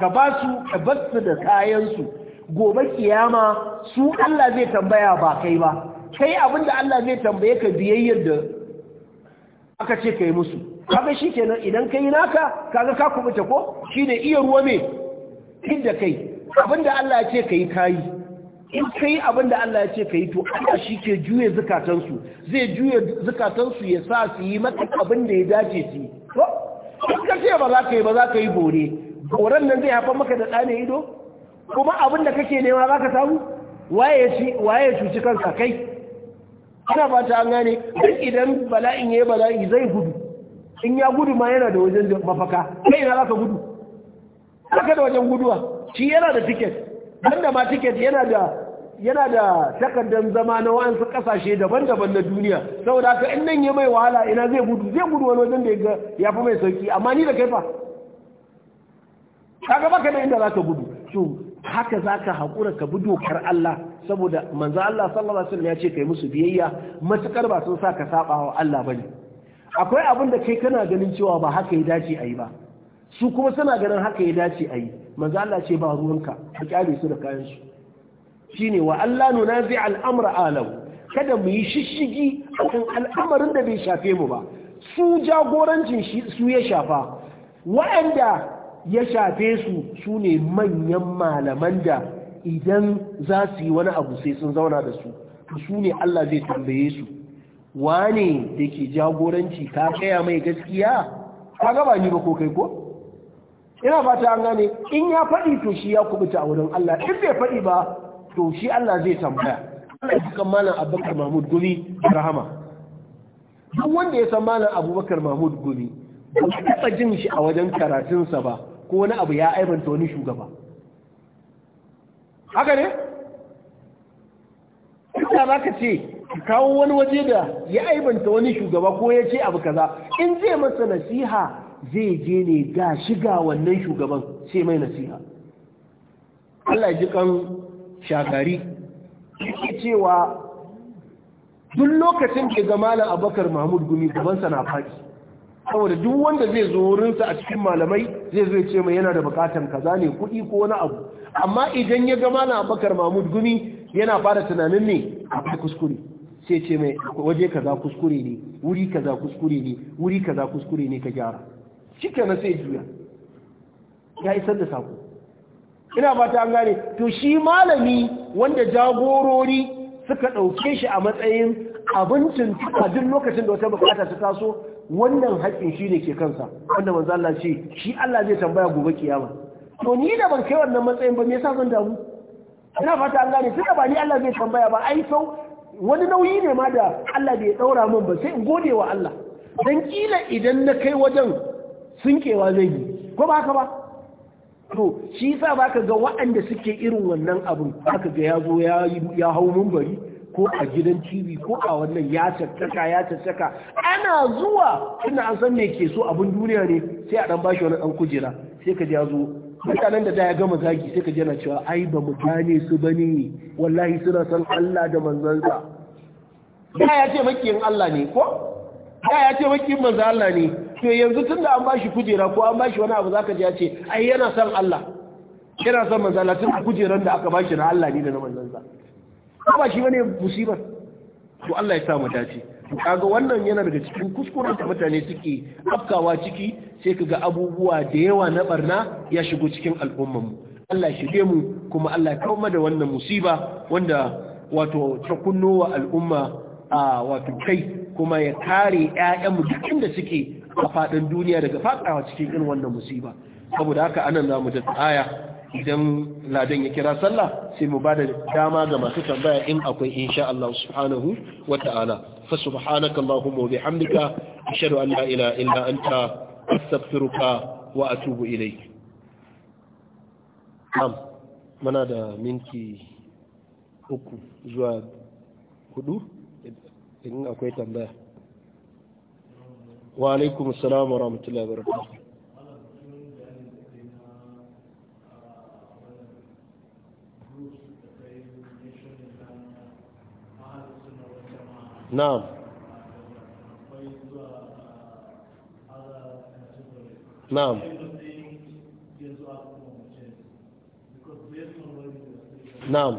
ka ba su ka bar su da kayan su gobe kiyama su Allah zai tambaya ba kai ba kai abinda Allah zai tambaye ka biyayyar da aka ce kai musu kaga shikenan idan kai naka kaga ka kubuta ko shine iya ruwa me duk da kai abinda Allah ya ce yi kayi in kai abinda Allah ya ce yi to Allah shi ke juye zukatansu zai juye zukatansu ya sa su yi abin abinda ya dace su yi in ka ce ba za ka yi ba za ka yi bore boren nan zai hafa maka da ɗane ido kuma abinda kake nema za ka samu waye cuci kansa kai ana fata an gane duk idan bala'in ya yi bala'i zai gudu in ya gudu ma yana da wajen mafaka kai na za ka gudu haka da wajen guduwa shi yana da tiket da ma tiket yana da yana da takardar zama na wa'ansu kasashe daban-daban na duniya saboda haka in nan ya mai wahala ina zai gudu zai gudu wani wajen da ya ya fi mai sauki amma ni da kai fa kaga baka da inda zaka gudu to haka zaka hakura ka bi dokar Allah saboda manzo Allah sallallahu alaihi ya ce kai musu biyayya matukar ba sun saka saba wa Allah bane akwai abin da kai kana ganin cewa ba haka ya dace ayi ba su kuma suna ganin haka ya dace a yi manzo Allah ce ba ruwanka ka kyale su da kayan su shine wa Allah nuna zai al'amura alau kada mu yi shishigi akan al'amarin da bai shafe mu ba su jagorancin su ya shafa waɗanda ya shafe su su ne manyan malaman da idan za su yi wani abu sai sun zauna da su su ne Allah zai tambaye su wane da ke jagoranci ka kaya mai gaskiya ka gaba ni ba ko kai ko ina ba ta gane in ya faɗi to shi ya kubuta a wurin Allah in bai faɗi ba to shi Allah zai tambaya Allah ya san malam Abubakar Mahmud Gumi rahama duk wanda ya san malam Abubakar Mahmud Gumi ba ka taɓa jin shi a wajen karatun sa ba ko wani abu ya aibanta wani shugaba haka ne ita ba ka ce kawo wani waje da ya aibanta wani shugaba ko ya ce abu kaza in zai masa nasiha zai je ne ga shiga wannan shugaban sai mai nasiha Allah ji kan shagari yake cewa duk lokacin ke ga malam abakar mahmud gumi gabansa na faɗi saboda duk wanda zai zo wurinsa a cikin malamai zai zo ce mai yana da bukatar kaza ne kuɗi ko wani abu amma idan ya ga malam abakar mahmud gumi yana fara tunanin ne kai kuskure sai ce mai waje kaza kuskure ne wuri kaza kuskure ne wuri kaza kuskure ne ka gyara shi na sai juya ya isar da sako ina fata an gane to shi malami wanda jagorori suka ɗauke shi a matsayin abincin a duk lokacin da wata bukata su taso wannan haƙƙin shi ne ke kansa wanda manzo Allah ce shi Allah zai tambaya gobe kiyama to ni da ban kai wannan matsayin ba me yasa zan damu ina fata an gane tunda ba ni Allah zai tambaya ba ai sau wani nauyi ne ma da Allah bai daura min ba sai in gode wa Allah dan kila idan na kai wajen kewa zai yi ko ba ka ba to shi sa ba ka ga waɗanda suke irin wannan Ba aka ga ya zo ya hau mumbari ko a gidan TV ko a wannan ya tattaka ya tattaka ana zuwa tunda an san me ke so abin duniya ne sai a dan bashi wani dan kujera sai ka ya zo mutanen da da ya gama zagi sai ka jana cewa ai ba mu gane su ba ne. wallahi suna san Allah da manzansa da ya ce makiyin Allah ne ko da ya ce makiyin manzo Allah ne to yanzu tun da an ba shi kujera ko an ba shi wani abu za ka ji ce ai yana son Allah yana son manzala tun a kujeran da aka ba shi na Allah ne da na manzansa ba shi bane musibar to Allah ya sa mu dace kaga wannan yana daga cikin kuskuren da mutane suke afkawa ciki sai kaga abubuwa da yawa na barna ya shigo cikin al'ummar mu Allah ya shige mu kuma Allah ya kawo da wannan musiba wanda wato ta kunnowa al'umma a wato kai kuma ya kare 'ya'yanmu duk inda suke a faɗin duniya daga faɗawa cikin irin wannan musiba saboda haka anan za mu da aya idan ladan ya kira sallah sai mu ba da dama ga masu tambaya in akwai insha Allah subhanahu wa ta'ala fa subhanaka allahumma wa bihamdika ashhadu an la ilaha illa anta astaghfiruka wa atubu ilayk am muna da minti uku zuwa hudu in akwai tambaya وعليكم السلام ورحمة الله وبركاته نعم نعم نعم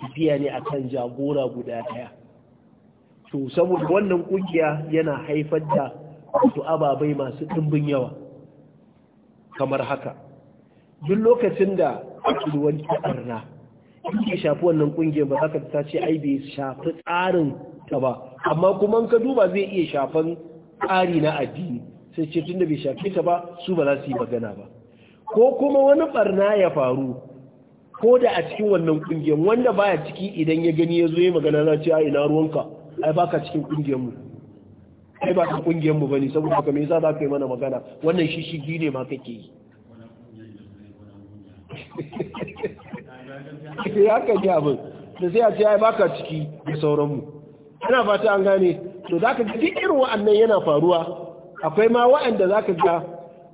tafiya ne a kan jagora guda daya to saboda wannan ƙungiya yana haifar da wasu ababai masu ɗimbin yawa kamar haka duk lokacin da ake wani in ke shafi wannan kungiyar ba ka ta ce ai bai shafi tsarin ta ba amma kuma ka duba zai iya shafan tsari na addini sai ce tun da bai shafi ta ba su ba za su yi magana ba ko kuma wani ɓarna ya faru ko da a cikin wannan kungiyar wanda baya ciki idan ya gani ya zo ya magana na ce a ina ruwanka ai baka cikin kungiyar mu ai ba cikin kungiyar mu bane saboda haka me yasa za ka yi mana magana wannan shi shi ne ma kake yi sai ya ka ji abin da sai a ce ai baka ciki da sauran mu ina fata an gane to za ga duk irin wa'annan yana faruwa akwai ma wa'anda za ka ga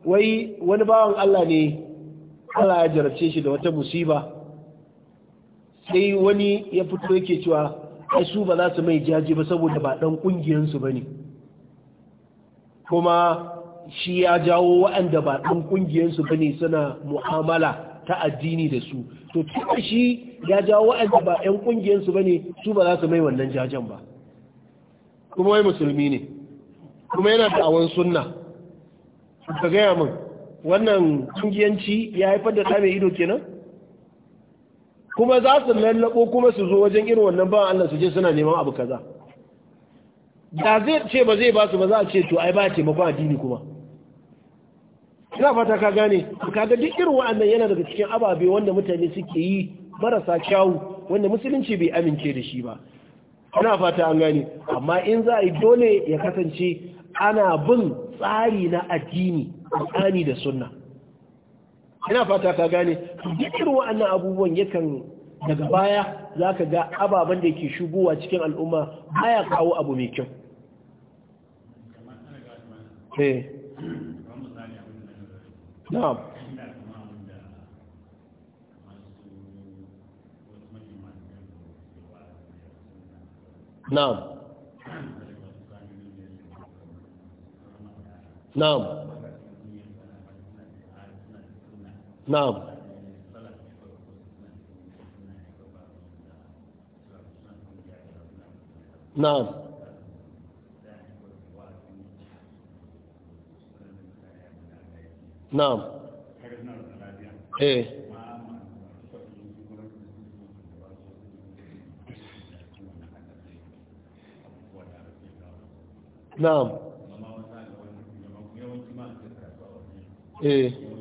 wai wani bawan Allah ne Allah ya jarabce shi da wata musiba sai wani ya fito yake cewa ai su ba za su mai jaji ba saboda ba dan kungiyansu bane kuma shi ya jawo waɗanda ba dan kungiyansu bane suna mu'amala ta addini da su to tunda shi ya jawo waɗanda ba ɗan kungiyansu bane su ba za su mai wannan jajen ba kuma wai musulmi ne kuma yana da awon sunna ka gaya min wannan kungiyanci ya haifar da ta mai ido kenan kuma za su lallabo kuma su zo wajen irin wannan ba Allah su je suna neman abu kaza da zai ce ba zai ba su ba za a ce to ai ba taimakon addini kuma ina fata ka gane kaga duk irin wa'annan yana daga cikin ababe wanda mutane suke yi marasa kyawu wanda musulunci bai amince da shi ba ina fata an gane amma in za a yi dole ya kasance ana bin tsari na addini tsani da sunna ina fata ka gane duk irin wa'annan abubuwan yakan daga baya za ka ga ababen da ke shigowa cikin al'umma baya kawo abu mai kyau eh. na'am na'am na'am na'am na'am eh na'am eh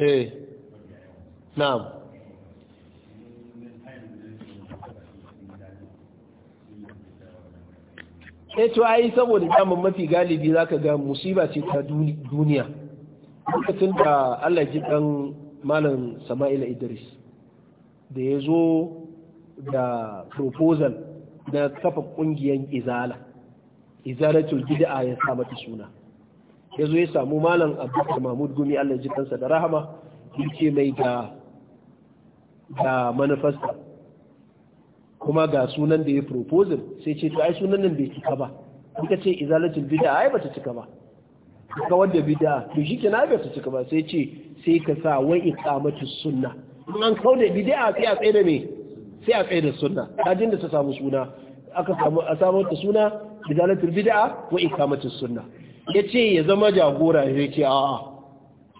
eh na'am e to ai saboda daman mafi galibi za ka ga musiba ce ta duniya lokacin da Allah ji dan malam Sama'ila Idris da ya zo da proposal na kafa ƙungiyar izala izalatul bid'a ya sa mata suna ya zo ya samu malam abubakar mahmud gumi allah ji kansa da rahama ya ce mai ga manifesta kuma ga sunan da ya proposal sai ce to ai sunan nan bai cika ba duka ce izalatul bid'a ai bata cika ba ga wanda bid'a to shi kenan bata cika ba sai ce sai ka sa wa iqamatus sunna in an kauda bid'a sai a tsaye da me sai a tsaye da sunna kajin da ta samu suna aka samu a samu ta suna izalatul bid'a wa iqamatus sunna ya ce ya zama jagora ya ce a'a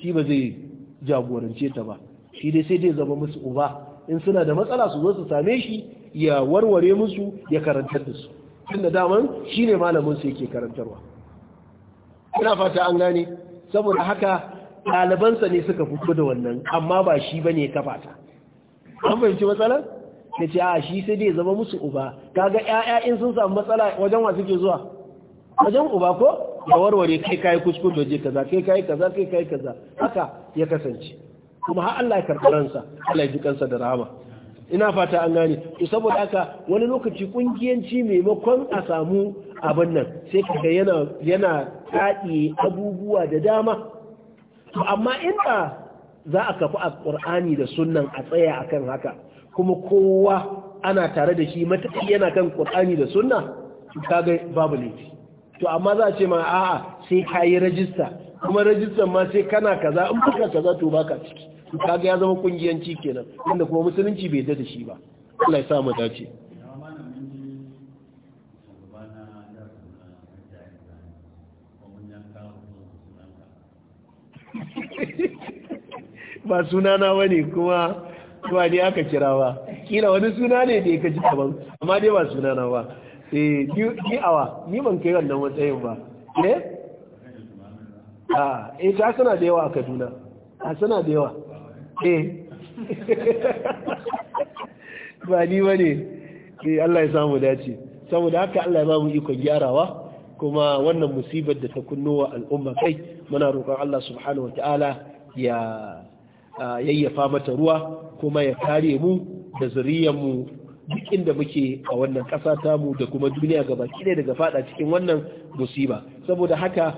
shi ba zai jagorance ta ba shi dai sai dai zama musu uba in suna da matsala su zo su same shi ya warware musu ya karantar da su tunda daman shi ne malamin su yake karantarwa ina fata an gane saboda haka ɗalibansa ne suka fito da wannan amma ba shi ba ne kafa an fahimci matsala ya ce a shi sai dai zama musu uba kaga 'ya'ya in sun samu matsala wajen wa suke zuwa wajen uba ko ya warware kai kai kuskure waje kaza kai kai kaza kai kai kaza haka ya kasance kuma har Allah ya karɓi ransa Allah ya ji da rahama ina fata an gane to saboda haka wani lokaci kungiyanci maimakon a samu abin nan sai kaga yana yana kaɗe abubuwa da dama to amma ba za a kafi alqur'ani da sunnan a tsaya akan haka kuma kowa ana tare da shi matakai yana kan ƙur'ani da sunna kaga babu laifi to amma za a ce ma a'a sai ka yi rajista kuma rajistan ma sai kana kaza in baka kaza to baka ciki kaga ya zama kungiyanci kenan inda kuma musulunci bai da shi ba Allah ya sa mu dace ba suna na wani kuma ba ne aka kira ba kila wani suna ne da ya kaji daban amma dai ba suna na ba eh awa ni ban kai wannan matsayin ba Ne? Eh? a ah, eh, suna da yawa a Kaduna a suna da yawa E, ba ni ne. eh Allah ya samu dace saboda haka Allah ya ba mu ikon gyarawa kuma wannan musibar da ta kunno wa al'umma kai muna roƙon Allah subhanahu wataala ya ah, yayyafa mata ruwa kuma ya kare mu da zuriyar mu duk da muke a wannan ƙasa tamu da kuma duniya gaba ɗaya daga faɗa cikin wannan musiba saboda haka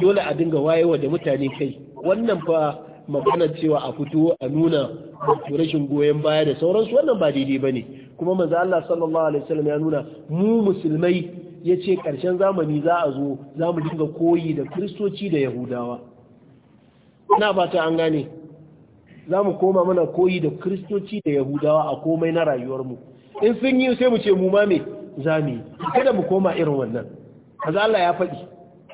dole a dinga wayewa da mutane kai wannan fa magana cewa a fito a nuna rashin goyon baya da sauransu wannan ba daidai ba ne kuma manzo Allah sallallahu alaihi wasallam ya nuna mu musulmai ya ce ƙarshen zamani za a zo za mu dinga koyi da kiristoci da yahudawa ina ba ta an gane za mu koma mana koyi da kiristoci da yahudawa a komai na rayuwarmu in sun yi sai mu ce mu ma me za mu yi kada mu koma irin wannan kaza Allah ya faɗi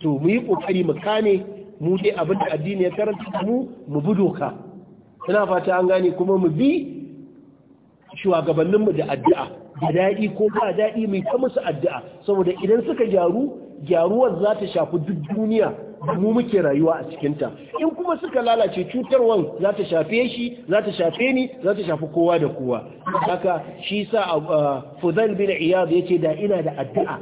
to mu yi kokari mu kame mu dai abin addini ya karanta mu mu bi doka ina fata an gane kuma mu bi shugabanninmu da addu'a da daɗi ko ba daɗi mai ta musu addu'a saboda idan suka gyaru gyaruwar za ta shafi duk duniya mu muke rayuwa a cikinta in kuma suka lalace cutarwan za ta shafe shi za ta shafe ni za ta shafi kowa da kowa haka shi sa uh, fuzail bin iyad yace da ina da addu'a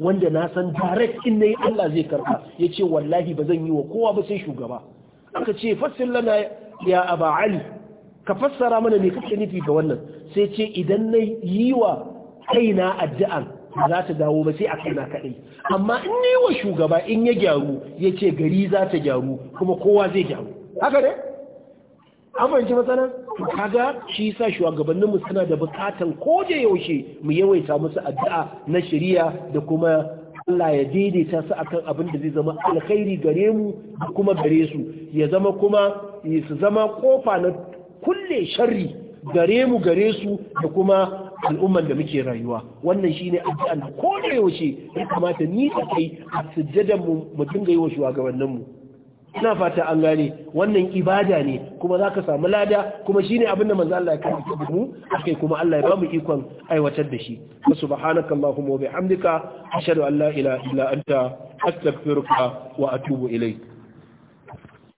wanda na san direct in nayi Allah zai karba yace wallahi ba zan yi wa kowa ba sai shugaba aka ce fassir lana ya aba ali ka fassara mana me kake nufi da wannan sai ce idan na yi wa kaina addu'an ba za ta dawo ba sai a kaina kaɗai amma in ne wa shugaba in ya gyaru ya ce gari za ta gyaru kuma kowa zai gyaru haka ne amince matsala kaga shi sa shugabanninmu suna da bukatan ko da yaushe mu yawaita musu addu'a na shari'a da kuma Allah ya daidaita su akan abin da zai zama alkhairi gare mu da kuma gare su ya zama kuma su zama kofa na kulle sharri gare mu gare su da kuma al'ummar da muke rayuwa wannan shine addu'an da ko da yaushe ya kamata ni da kai a sujjadan mu mu dinga yi wa shugabannin mu ina fata an gane wannan ibada ne kuma zaka samu lada kuma shine abin da manzo Allah ya karanta da mu akai kuma Allah ya ba mu ikon aiwatar da shi subhanaka allahumma wa bihamdika ashhadu an la ilaha illa anta astaghfiruka wa atubu ilayk